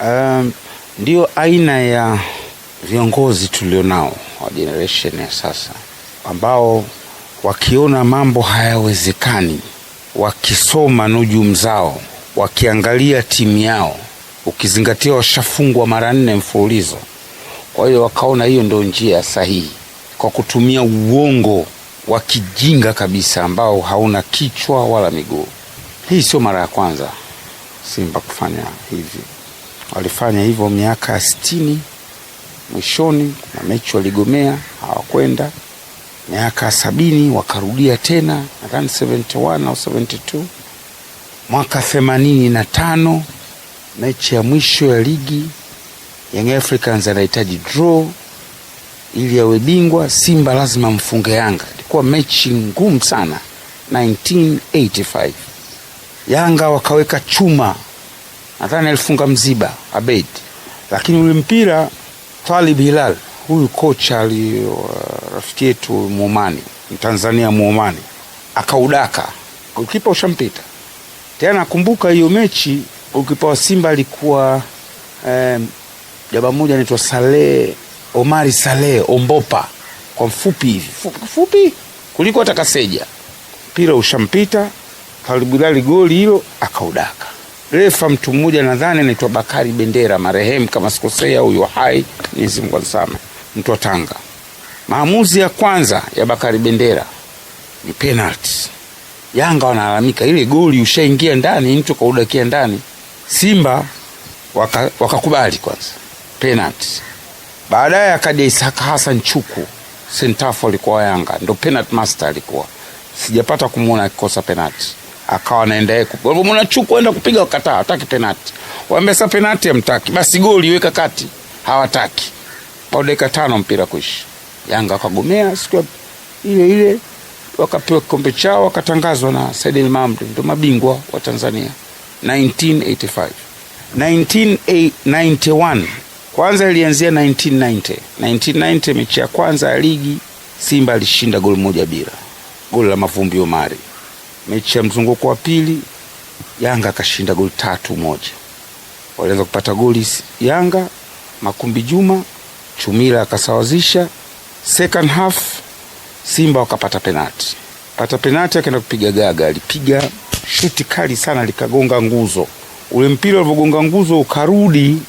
Um, ndiyo aina ya viongozi tulionao wa generation ya sasa ambao wakiona mambo hayawezekani, wakisoma nujum zao, wakiangalia timu yao, ukizingatia washafungwa mara nne mfululizo. Kwa hiyo wakaona hiyo ndio njia sahihi, kwa kutumia uongo wa kijinga kabisa ambao hauna kichwa wala miguu. Hii sio mara ya kwanza Simba kufanya hivi. Walifanya hivyo miaka ya sitini mwishoni, kuna mechi waligomea hawakwenda. Miaka ya sabini wakarudia tena, nadhani 71 au 72. Mwaka themanini na tano mechi ya mwisho ya ligi Young Africans anahitaji draw ili awe bingwa. Simba lazima mfunge Yanga, ilikuwa mechi ngumu sana 1985. Yanga wakaweka chuma nadhani alifunga mziba Abeid, lakini ule mpira Talib Hilal, huyu kocha ali uh, rafiki yetu Muomani, Mtanzania Muomani, akaudaka ukipa ushampita tena. Kumbuka hiyo mechi ukipa wa Simba alikuwa jaba mmoja anaitwa Saleh Omari Saleh Ombopa, kwa mfupi hivi fupi, fupi kuliko hata Kaseja. Mpira ushampita Talib Hilal, goli hilo akaudaka refa mtu mmoja nadhani anaitwa Bakari Bendera marehemu, kama sikosea, huyo hai Mwenyezi Mungu amsame, mtu wa Tanga. Maamuzi ya kwanza ya Bakari Bendera ni penalty. Yanga wanalalamika ile goli, ushaingia ndani, mtu kaudakia ndani. Simba wakakubali waka kwanza penalty, baadaye akaja Isaka Hassan Chuku sentafu, alikuwa Yanga, ndo penalty master alikuwa, sijapata kumwona akikosa penalty akawa kwa mnachuku mnachukwenda kupiga wakataa, hataki penati. wambe sasa penati hamtaki, basi goli weka kati, hawataki. Baada dakika tano mpira kuisha, Yanga wakagomea siku ile ile, wakapewa kikombe chao, wakatangazwa na Said El Mamdi ndio mabingwa wa Tanzania 1985 1991 kwanza ilianzia 1990 1990 mechi ya kwanza ya ligi Simba alishinda goli moja bila, goli la Mavumbi Omari mechi ya mzunguko wa pili Yanga akashinda goli tatu moja. Walianza kupata goli Yanga, Makumbi Juma Chumila akasawazisha. Second half Simba wakapata penati, pata penati akaenda kupiga Gaga, alipiga shuti kali sana likagonga nguzo. Ule mpira ulivyogonga nguzo ukarudi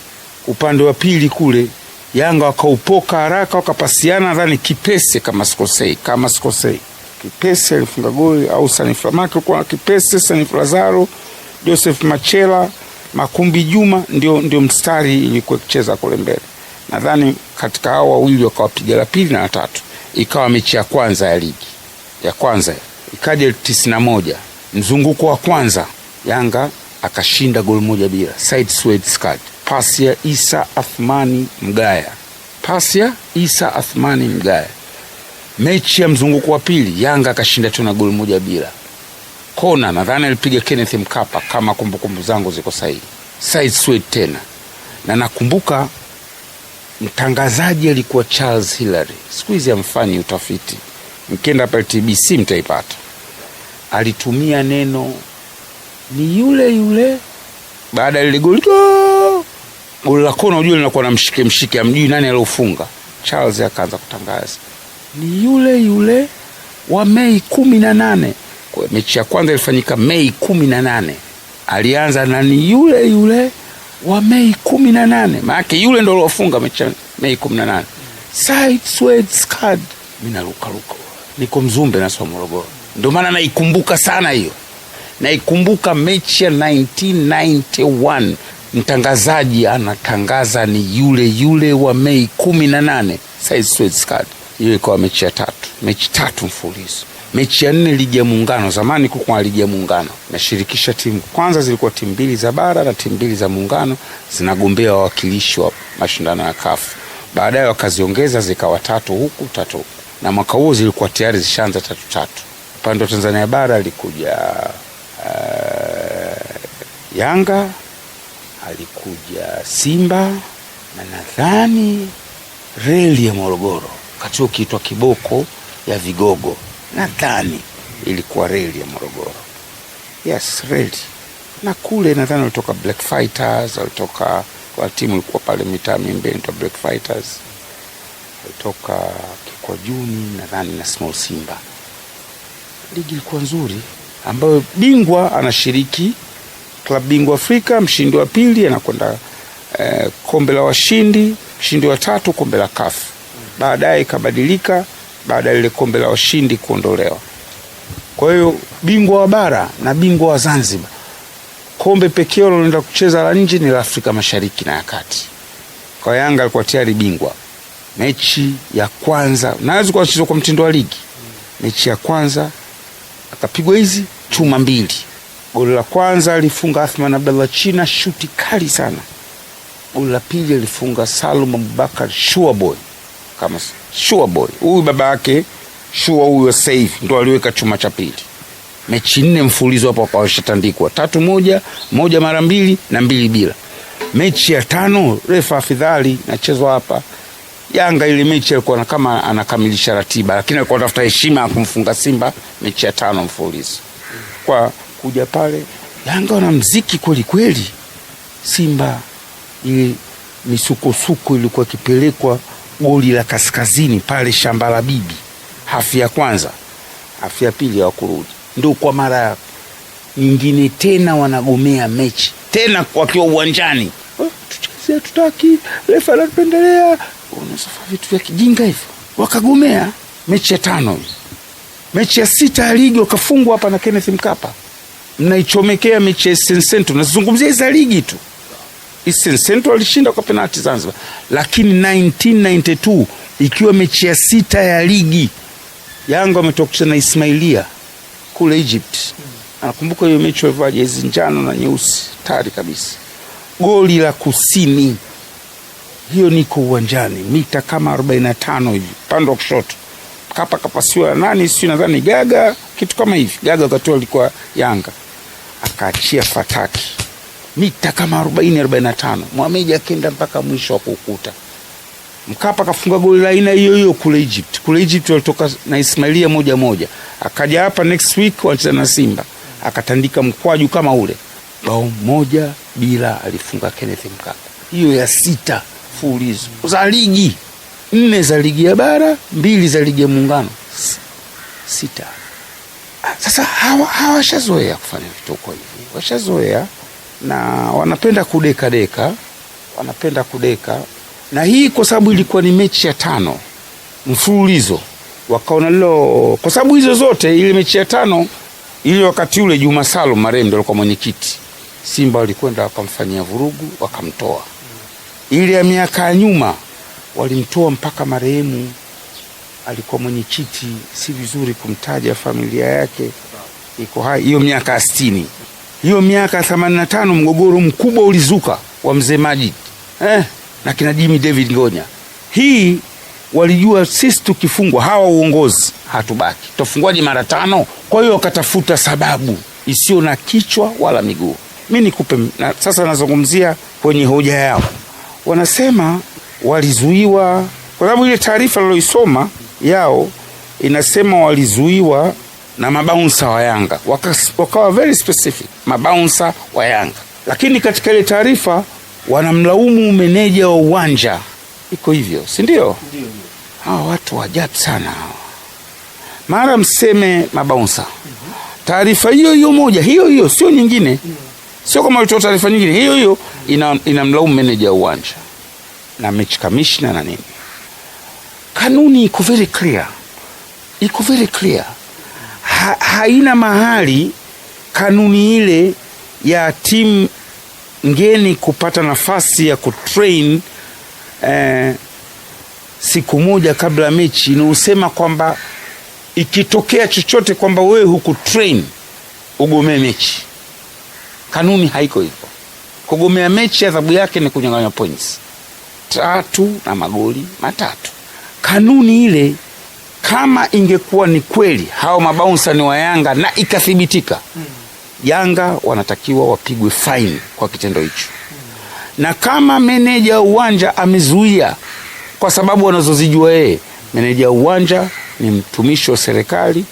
upande wa pili kule, Yanga wakaupoka haraka wakapasiana, nadhani Kipese kama sikosei, kama sikosei Kipesi alifunga goli au Sanifra Marco kwa Kipesi, Sanifra Lazaro, Joseph Machela, Makumbi Juma ndio, ndio mstari ilikuwa kucheza kule mbele. Nadhani katika hao wawili wakawapiga la pili na la tatu, ikawa mechi ya kwanza ya ligi ya kwanza, ikaja tisini na moja mzunguko wa kwanza Yanga akashinda goli moja bila. Said Swed Skadi, pasi ya Isa Athmani Mgaya, pasi ya Isa Athmani Mgaya mechi ya mzunguko wa pili Yanga akashinda tu na goli moja bila. Kona nadhani alipiga Kenneth Mkapa kama kumbukumbu zangu ziko sahihi. Side sweet tena. Na nakumbuka mtangazaji alikuwa Charles Hillary. Siku hizi amfanyi utafiti. Mkienda pale TBC mtaipata. Alitumia neno ni yule yule baada ya lile goli goli la kona, ujue linakuwa na mshike mshike, amjui nani aliofunga. Charles akaanza kutangaza ni yule yule wa Mei kumi na nane. mechi ya kwanza ilifanyika Mei kumi na nane, alianza na ni yule yule wa Mei kumi na nane, maanake yule ndo aliofunga mechi ya Mei kumi na nane. Mimi narukaruka niko Mzumbe nasoma Morogoro, ndio maana naikumbuka sana hiyo, naikumbuka mechi ya 1991 mtangazaji anatangaza ni yule yule wa Mei kumi na nane, Said hiyo ikawa mechi ya tatu, mechi tatu mfululizo. Mechi ya nne ligi ya muungano, zamani kulikuwa ligi ya muungano nashirikisha timu kwanza, zilikuwa timu mbili za bara na timu mbili za muungano zinagombea wawakilishi wa mashindano ya kafu. Baadaye wakaziongeza zikawa tatu huku tatu huku, na mwaka huo zilikuwa tayari zishaanza tatu tatu. Upande wa Tanzania bara alikuja uh, Yanga alikuja Simba na nadhani Reli ya Morogoro katuo kiitwa Kiboko ya Vigogo nadhani ilikuwa reli ya Morogoro. Yes, reli. Na kule nadhani walitoka Black Fighters, walitoka kwa timu ilikuwa pale mitaa mimbeni inaitwa Black Fighters, walitoka kikwa juni nadhani na Small Simba. Ligi ilikuwa nzuri ambayo bingwa anashiriki klab bingwa Afrika, mshindi wa pili anakwenda eh, kombe la washindi, mshindi wa tatu kombe la kafu baadaye ikabadilika baada ya lile kombe la washindi kuondolewa. Kwa hiyo bingwa wa bara na bingwa wa Zanzibar, kombe pekee walioenda kucheza la nje ni la Afrika Mashariki na ya Kati. Kwa Yanga alikuwa tayari bingwa. Mechi ya kwanza naweza zilikuwa kwa mtindo wa ligi, mechi ya kwanza akapigwa hizi chuma mbili. Goli la kwanza alifunga Athman Abdallah China, shuti kali sana. Goli la pili alifunga Salum Abubakar Shuaboy kama sure boy huyu baba yake sure huyo safe ndo aliweka chuma cha pili. Mechi nne mfulizo hapo washatandikwa tatu moja moja mara mbili na mbili bila. Mechi ya tano refa afidhali nachezwa hapa Yanga. Ile mechi alikuwa na kama anakamilisha ratiba, lakini alikuwa anatafuta heshima ya kumfunga Simba mechi ya tano mfulizo. Kwa kuja pale Yanga wana mziki kweli kweli, Simba ile misukosuko ilikuwa ikipelekwa goli la kaskazini pale shamba la bibi, hafu ya kwanza, hafu ya pili hawakurudi, ndio kwa mara nyingine tena wanagomea mechi tena wakiwa uwanjani, oh, tucheze tutaki, refa anapendelea unasafa vitu vya kijinga hivyo. Wakagomea mechi ya tano, mechi ya sita ya ligi wakafungwa hapa na Kenneth Mkapa. Mnaichomekea mechi ya Sensento, nazungumzia hiza ligi tu. Eastern Central alishinda kwa penalti Zanzibar, lakini 1992 ikiwa mechi ya sita ya ligi Yanga ametoka na Ismailia kule Egypt. Anakumbuka hiyo mechi walivaa jezi njano na nyeusi tari kabisa, goli la kusini hiyo, niko uwanjani mita kama 45 hivi pande wa kushoto, kapa kapasiwa nani, si nadhani Gaga kitu kama hivi. Gaga wakati alikuwa Yanga akaachia fataki mita kama 40 45. Mohamed akenda mpaka mwisho wa kukuta. Mkapa kafunga goli la aina hiyo hiyo kule Egypt. Kule Egypt walitoka na Ismailia moja moja. Akaja hapa next week wacheza na Simba. Akatandika mkwaju kama ule. Bao moja bila alifunga Kenneth Mkapa. Hiyo ya sita fulizo za ligi nne za ligi ya bara, mbili za ligi ya muungano, sita. Sasa hawa hawashazoea kufanya vituko hivi, washazoea na wanapenda kudeka deka, wanapenda kudeka na hii kwa sababu ilikuwa ni mechi ya tano mfululizo, wakaona lilo, kwa sababu hizo zote, ile mechi ya tano ile wakati ule Juma Salum marehemu alikuwa mwenyekiti Simba, walikwenda wakamfanyia vurugu, wakamtoa. Ile ya miaka ya nyuma walimtoa mpaka marehemu alikuwa mwenyekiti, si vizuri kumtaja familia yake iko hai, hiyo miaka ya sitini hiyo miaka 85 mgogoro mkubwa ulizuka wa mzee Majid eh, na kina Jimmy David Ngonya. Hii walijua sisi tukifungwa hawa uongozi hatubaki, tofungwaje mara tano? Kwa hiyo wakatafuta sababu isiyo na kichwa wala miguu. Mi nikupe na, sasa nazungumzia kwenye hoja yao, wanasema walizuiwa kwa sababu ile taarifa liloisoma yao inasema walizuiwa na mabaunsa wa Yanga wakawa very specific mabaunsa wa Yanga, lakini katika ile taarifa wanamlaumu meneja wa uwanja. Iko hivyo, si ndio? Hawa watu wa sana hawa, mara mseme mabaunsa. Mhm. Taarifa hiyo hiyo moja hiyo hiyo, sio nyingine, sio kama ulitoa taarifa nyingine, hiyo hiyo inamlaumu ina meneja wa uwanja na mechi kamishna na nini. Kanuni iko very clear, iko very clear. Ha, haina mahali kanuni ile ya timu ngeni kupata nafasi ya kutrain eh, siku moja kabla ya mechi inausema kwamba ikitokea chochote kwamba wewe hukutrain ugomee mechi. Kanuni haiko hivyo. Kugomea mechi adhabu yake ni kunyang'anywa points tatu na magoli matatu. Kanuni ile kama ingekuwa ni kweli hao mabaunsa ni wa Yanga na ikathibitika, hmm. Yanga wanatakiwa wapigwe faini kwa kitendo hicho, na kama meneja uwanja amezuia kwa sababu wanazozijua yeye. Meneja uwanja ni mtumishi wa serikali,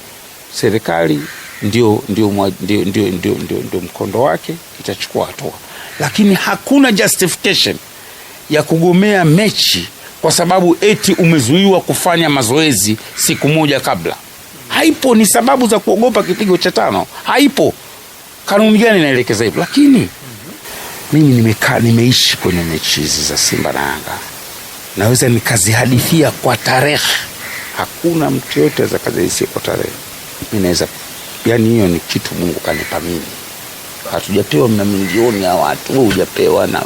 serikali ndio, ndio, ndio, ndio, ndio, ndio, ndio mkondo wake, itachukua hatua, lakini hakuna justification ya kugomea mechi kwa sababu eti umezuiwa kufanya mazoezi siku moja kabla. Haipo, ni sababu za kuogopa kipigo cha tano, haipo kanuni gani inaelekeza hivyo? Lakini mimi nimekaa, nimeishi kwenye mechi hizi za Simba na Yanga, naweza nikazihadithia kwa tarehe. Hakuna mtu yote aweza kazihadithia kwa tarehe. Mimi naweza yani, hiyo ni kitu Mungu kanipa mimi. Hatujapewa na milioni ya watu, wewe hujapewa na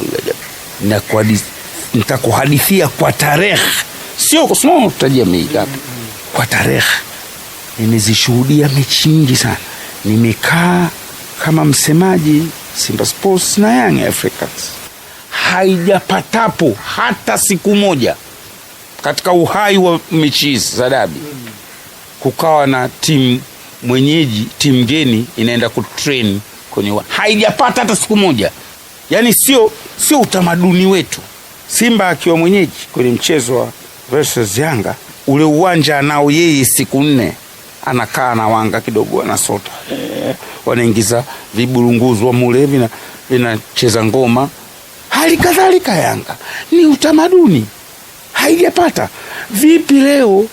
nitakuhadithia kwa tarehe, sio kusoma kutajia miigapi, kwa tarehe. Nimezishuhudia mechi nyingi sana, nimekaa kama msemaji Simba Sports na Young Africans, haijapatapo hata siku moja katika uhai wa mechi hizi za dabi kukawa na timu mwenyeji timu geni inaenda kutrain kwenye, haijapata hata siku moja. Yani sio sio utamaduni wetu. Simba akiwa mwenyeji kwenye mchezo wa versus Yanga, ule uwanja anao yeye siku nne anakaa na wanga kidogo, wanasota eh, wanaingiza viburunguzwa mule vinacheza ngoma. Hali kadhalika Yanga ni utamaduni, haijapata vipi leo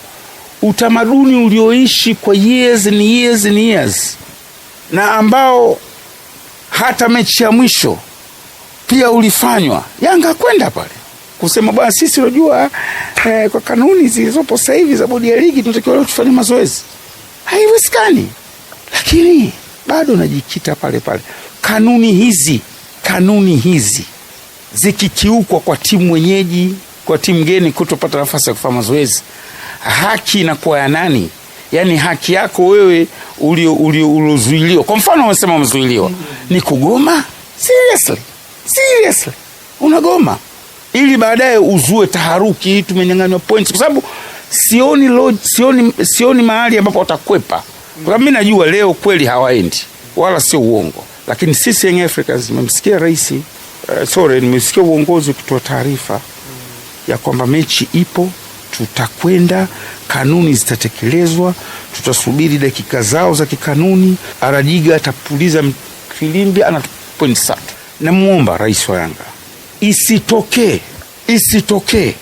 utamaduni ulioishi kwa years and years and years na ambao hata mechi ya mwisho pia ulifanywa Yanga kwenda pale kusema bwana, sisi unajua eh, kwa kanuni zilizopo sasa hivi za bodi ya ligi tunatakiwa leo tufanye mazoezi haiwezekani, lakini bado najikita pale pale. Kanuni hizi kanuni hizi zikikiukwa kwa timu mwenyeji, kwa timu geni kutopata nafasi ya kufanya mazoezi, haki inakuwa ya nani? Yaani haki yako wewe uliozuiliwa, kwa mfano amesema umezuiliwa, ni kugoma. Seriously, seriously, unagoma ili baadaye uzue taharuki, tumenyang'anywa points, kwa sababu sioni lodge, sioni, sioni mahali ambapo watakwepa kwa mimi najua leo kweli hawaendi wala sio uongo, lakini sisi Young Africans nimemsikia rais uh, sorry, nimesikia uongozi ukitoa taarifa ya kwamba mechi ipo, tutakwenda, kanuni zitatekelezwa, tutasubiri dakika zao za kikanuni. Arajiga atapuliza filimbi, ana point satu. Namwomba rais wa Yanga isitokee, isitokee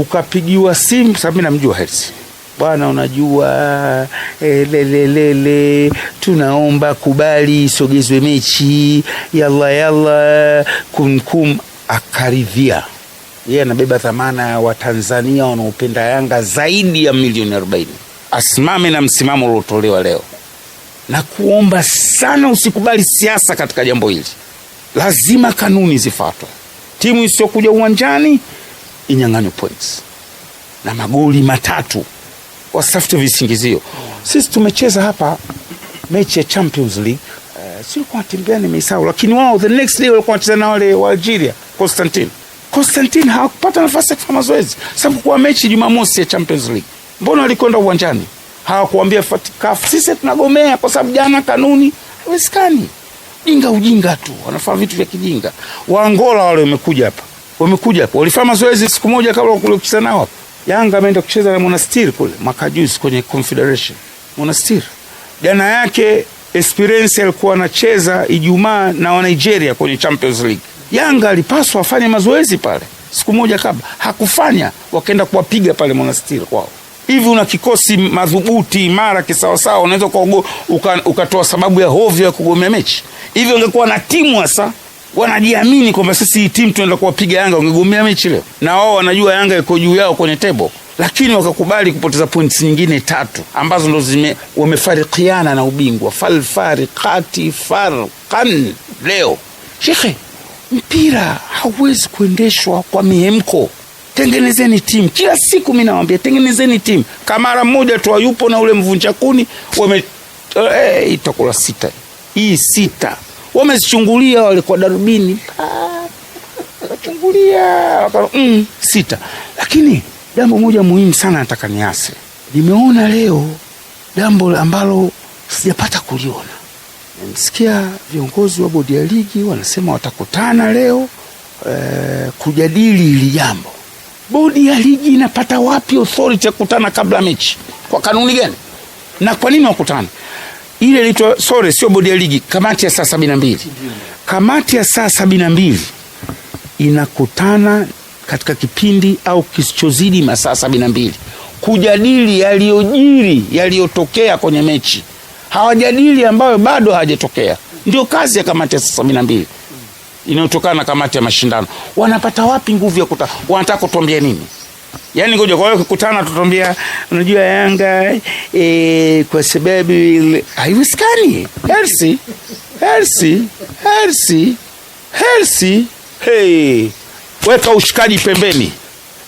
ukapigiwa simu, Mimi namjua Hersi Bwana unajua lelelele, eh, tunaomba kubali isogezwe mechi, yalla yalla, kumkum. Akaridhia. Yeye anabeba dhamana ya Watanzania wanaopenda Yanga zaidi ya milioni 40, asimame na msimamo uliotolewa leo, na kuomba sana usikubali siasa katika jambo hili. Lazima kanuni zifuatwe, timu isiyokuja uwanjani inyang'anywe points na magoli matatu, wasitafute visingizio. Sisi tumecheza hapa mechi ya Champions League uh, sio kwa timu gani nimesahau, lakini wao the next day walikuwa wanacheza na wale wa Algeria Constantine. Constantine hawakupata nafasi ya kufanya mazoezi sababu kwa mechi Jumamosi ya Champions League, mbona walikwenda uwanjani? Hawakuambia FATCAF sisi tunagomea kwa sababu jana kanuni haiwezekani. Jinga ujinga tu, wanafanya vitu vya kijinga. Waangola wale wamekuja hapa wamekuja hapo, walifanya mazoezi siku moja kabla ya kucheza nao hapo. Yanga ameenda kucheza na Monastir kule mwaka kwenye Confederation Monastir. Jana yake Esperance alikuwa anacheza Ijumaa na wa Nigeria kwenye Champions League. Yanga alipaswa afanye mazoezi pale siku moja kabla, hakufanya, wakaenda kuwapiga pale Monastir kwao. Hivi una kikosi madhubuti imara kisawasawa, unaweza ukatoa sababu ya hovyo ya kugomea mechi? Hivi ungekuwa na timu hasa wanajiamini kwamba sisi hii timu tunaenda kuwapiga Yanga. Wangegomea mechi leo, na wao wanajua Yanga iko juu yao kwenye tebo, lakini wakakubali kupoteza points nyingine tatu ambazo ndo zime wamefarikiana na ubingwa. Falfarikati farkan leo, shekhe, mpira hauwezi kuendeshwa kwa mihemko. Tengenezeni timu kila siku, mi nawambia tengenezeni timu. Kamara mmoja tu hayupo na ule mvunja kuni wame eh, eh itakula sita hii sita wamezichungulia wale kwa darubini ah, wakachungulia mm, sita. Lakini jambo moja muhimu sana nataka niase, nimeona leo jambo ambalo sijapata kuliona. Nimsikia viongozi wa bodi ya ligi wanasema watakutana leo eh, kujadili hili jambo. Bodi ya ligi inapata wapi authority ya kukutana kabla mechi? Kwa kanuni gani? Na kwa nini wakutana? ile ilitwa sore, sio bodi ya ligi, kamati ya saa sabini na mbili kamati ya saa sabini na mbili inakutana katika kipindi au kisichozidi masaa sabini na mbili kujadili yaliyojiri, yaliyotokea kwenye mechi. Hawajadili ambayo bado hawajatokea. Ndio kazi ya kamati ya saa sabini na mbili inayotokana na kamati ya mashindano. Wanapata wapi nguvu ya kuta, wanataka kutuambia nini? yani ngoja. Kwa hiyo kukutana, tutambia unajua Yanga e, kwa sababu haiwezekani Hersi Hersi Hersi Hersi. Hey, weka ushikaji pembeni,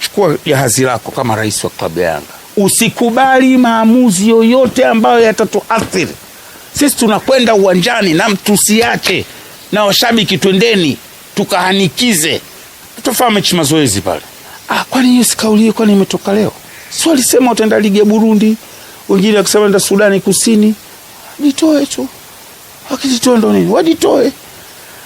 chukua jahazi lako kama rais wa klabu ya Yanga, usikubali maamuzi yoyote ambayo yatatuathiri sisi. Tunakwenda uwanjani na mtusiache na washabiki, twendeni tukahanikize, tutafanya mechi mazoezi pale. Ah, kwani hiyo sikauli kwani imetoka leo? Si walisema utaenda ligi ya Burundi, wengine wakisema enda Sudani Kusini. Nitoe tu. Wakijitoa ndo nini? Wajitoe.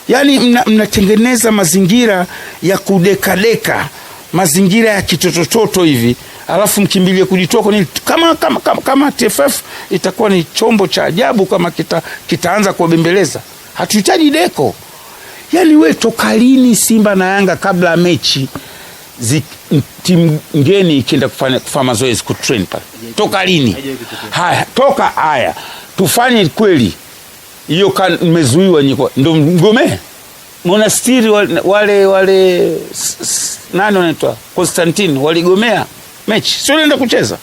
Yaani mnatengeneza mna mazingira ya kudekadeka, mazingira ya kitotototo hivi, alafu mkimbilie kujitoa kwenye Kama, kama, kama, kama TFF itakuwa ni chombo cha ajabu kama kita, kitaanza kuwabembeleza. Hatuhitaji deko. Yaani we toka lini Simba na Yanga kabla ya mechi ngeni ikienda kufanya kufanya mazoezi kutrain pale toka lini? Haya, toka haya tufanye kweli hiyo, mmezuiwa nyiko, ndo mgomee monastiri wale wale nani wanaitwa Konstantine waligomea mechi, sio nenda kucheza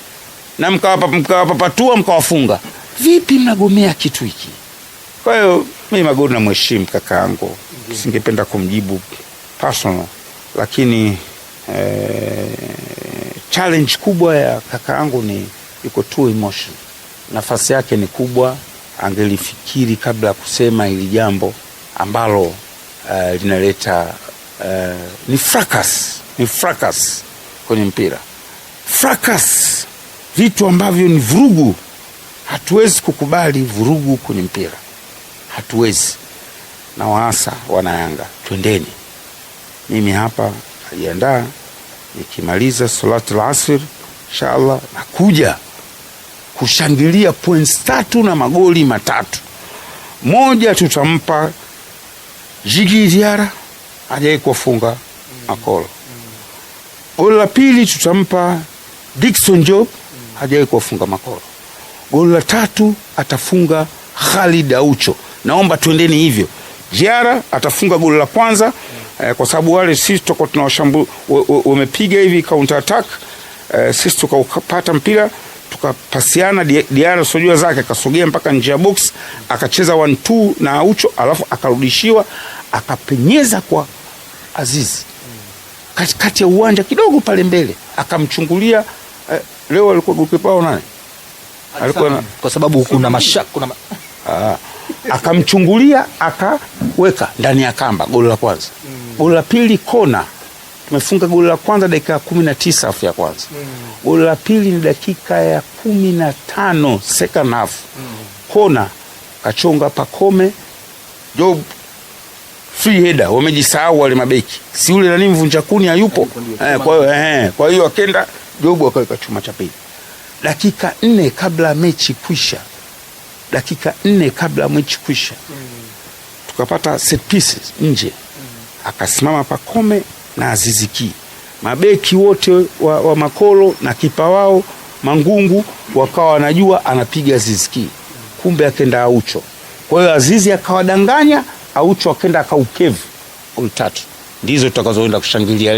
na mkawapapatua mkawafunga. Vipi mnagomea kitu hiki? Kwa hiyo mimi Magori kaka kakaangu, singependa kumjibu personal, lakini eh, challenge kubwa ya kaka yangu ni iko too emotion. Nafasi yake ni kubwa, angelifikiri kabla ya kusema hili jambo ambalo uh, linaleta uh, ni fracas, ni fracas kwenye mpira fracas, vitu ambavyo ni vurugu. Hatuwezi kukubali vurugu kwenye mpira, hatuwezi. Na waasa wanayanga, twendeni. Mimi hapa aliandaa nikimaliza salatu lasir inshallah nakuja kushangilia points tatu na magoli matatu. Moja tutampa Jigi ziara hajai kuwafunga makolo. Goli la pili tutampa Dickson Job, hajai kuwafunga makoro Goli la tatu atafunga Khalid Aucho. Naomba twendeni hivyo. jiara atafunga goli la kwanza eh, kwa sababu wale sisi tuko tunawashambu wamepiga hivi counter attack eh, sisi tukapata mpira tukapasiana. Diara sojua zake akasogea mpaka nje ya box akacheza 1 2 na Aucho, alafu akarudishiwa akapenyeza kwa Azizi katikati ya uwanja kidogo pale mbele akamchungulia. Eh, leo alikuwa golikipa wao nani? Alikuwa na, kwa sababu kuna mashaka kuna ma... Ah, akamchungulia akaweka ndani ya kamba goli la kwanza. Mm. Goli la pili kona, tumefunga goli la kwanza dakika ya kumi na tisa afu ya kwanza mm. Goli la pili ni dakika ya kumi na tano second half mm. Kona kachonga Pakome Job free header, wamejisahau wale mabeki, si yule nani mvunja kuni hayupo eh, kwa hiyo eh, kwa hiyo akenda Job akaweka chuma cha pili dakika nne kabla mechi kwisha, dakika nne kabla mechi kwisha mm. tukapata set pieces nje akasimama Pakome na Aziziki, mabeki wote wa, wa Makolo na kipa wao Mangungu wakawa wanajua anapiga Aziziki, kumbe akenda Aucho. Kwa hiyo Azizi akawadanganya, Aucho akenda akaukevu. Goli tatu ndizo tutakazoenda kushangilia leo.